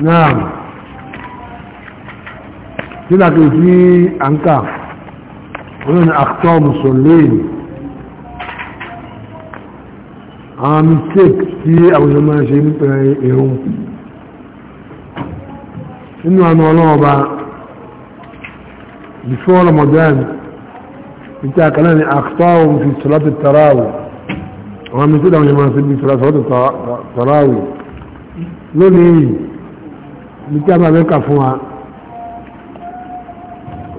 náà sílá kìí sí àǹkà wọ́n ni àkọ́ mùsùlùmí àwọn mistake tí àwọn ọmọ ṣe ń pẹ̀ ẹ̀hún nínú àmì ọlọ́ọ̀bá before Ramadan ìtẹ́ àkàlá ni àkọ́ fi sọ́lọ́tì tarawih àwọn mistake àwọn ọmọ ṣe ń pẹ̀ sọ́lọ́tì tarawih lónìí ní tí a máa mẹ́ka fún wa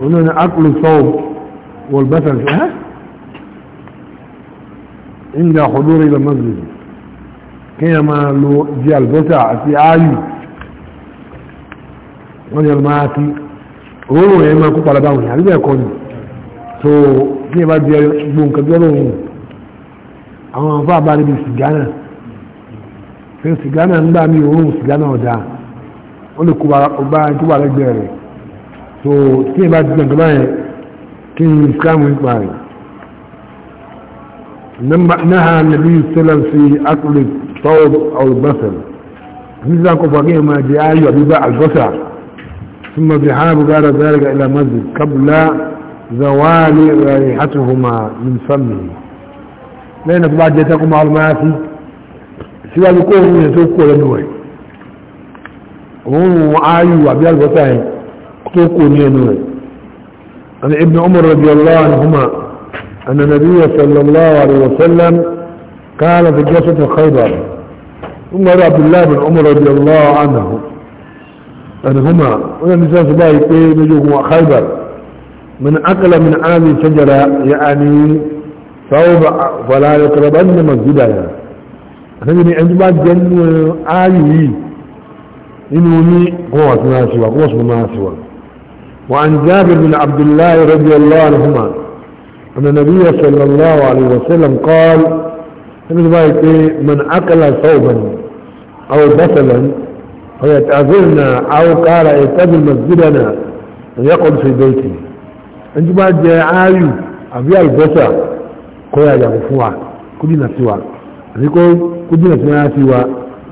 oní ọ̀nà akùlù sọ́ọ̀ wọ̀lbátà sí ẹ́ ìndà ọ̀dọ́rẹ̀ ilẹ̀ masjid kí a máa lo jí albọ́sà àti áyù wọ́n yẹ máa ti owó ẹ̀ máa kó palaba wọn àríbí ẹ̀kọ́ ni so kí a bá jẹ gbóǹkẹ́jọ́rọ̀ òun àwọn afọ́ àbá sìgánà fi sìgánà ń gbà mí òórùn sìgánà ọ̀dà wọ́n lè kó bá tó wà lẹ́gbẹ̀ẹ́ rẹ̀ so tí ìbá ti gbẹ̀ǹkan báyẹn kí ni islamu ń parí náà nàbí sẹ́lẹ̀ sí akọlẹ̀ tọ́wọ́ albasar nígbà kó fà kí ma jẹ́ ayọ̀ bíbá albasa ثم ذهاب غير ذلك إلى مسجد قبل زوال رائحتهما من فمه لأن بعد جتكم على المعافي سوى بكوه من يتوقع لنوعي òun ayù àbí àgbọ́ta yẹn tó kò ní ẹnu rẹ̀ àni ibn umar radiyallahu anhuma anna nabiyya sallallahu alaihi wasallam kana fi jasati khaybar umar abdullahi bin umar radiyallahu anhu anhuma wannan nisa su bai pe na jogun khaybar من أكل من آم شجرة يعني ثوب فلا يقربن مسجدها يعني. أنا أنت ما جنوا آيوي إنوني قوة ما سوى قوة ما سوى وعن جابر بن عبد الله رضي الله عنهما أن النبي صلى الله عليه وسلم قال من أكل ثوبا أو بسلا فيتعذرنا أو قال يتبل مسجدنا يقعد في بيته عندما جاء آيو أبيع البصا كويا يغفوا كلنا سوى كلنا سوى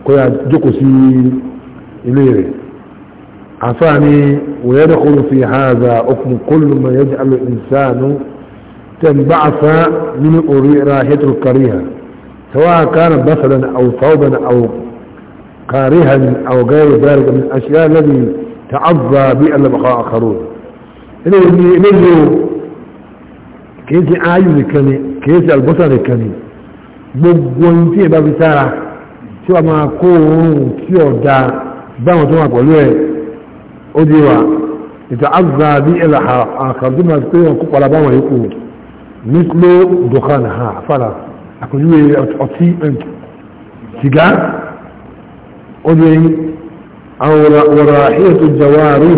كويا سي إليه عفاني ويدخل في هذا أكم كل ما يجعل الإنسان تنبعث من راحته الكريهة سواء كان بصلا أو ثوبا أو كارها أو غير ذلك من الأشياء الذي تعظى بها لبقاء آخرون إليه كيسي آيو لكني كيسي البصر لكني gbogbo ohun tí ìbá fi sára tí dáhùn tó wà pẹ̀lú ẹ̀ ó di wa ìtà azà bí ẹ̀là àkàndúmà pé wọn kó padà báwọn yìí kù nílò dọ̀kan ha fara àpèjúwe ọtí sìgá ó di àwọn wọ̀rọ̀ àhíyà tó jawari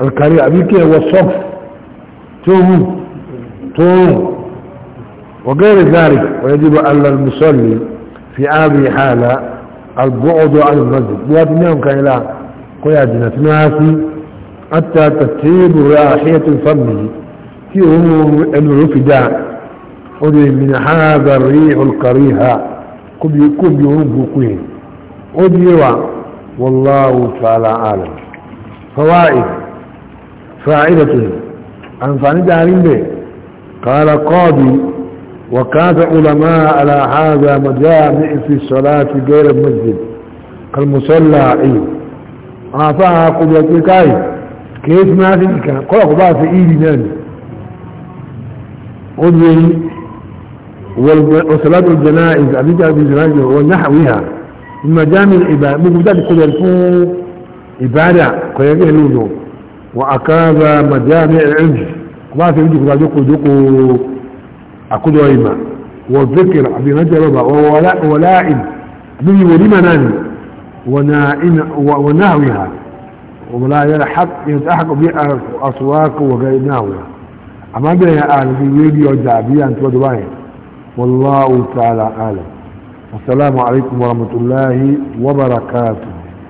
alkari àbíkẹ́ wọ sọ́ọ̀kì tó hù tó hù وغير ذلك ويجب على المصلي في هذه حالة البعد عن الرجل وابنهم كان لا جنات ناسي حتى تطيب راحية فمه في فيهم الرفداء أدري من هذا الريح القريحة كب يكب يرب أدري ودي والله تعالى عالم فوائد فائدة أنفعني دارين به قال قاضي وكاد علماء على هذا مجامع في الصلاة في غير المسجد كالمصلى ايو عطاها قبلتك اي كيف ما كان قل اقضاء في ايدي ناني قل وصلاة الجنائز أبيت أبي الجنائز ونحوها المجامع العبادة مجمدات قل الفو عبادة قل يجيه الوجوب وأكاد مجامع العلم قضاء في عندك قضاء أقول وإما والذكر أبي نجل وولاء ولائم ولم نان ونائم ونهوها ولا يلحق يتحق بأسواك وغير نهوها أما يا أهل في ويدي وجعبية أنت ودبائي والله تعالى أعلم والسلام عليكم ورحمة الله وبركاته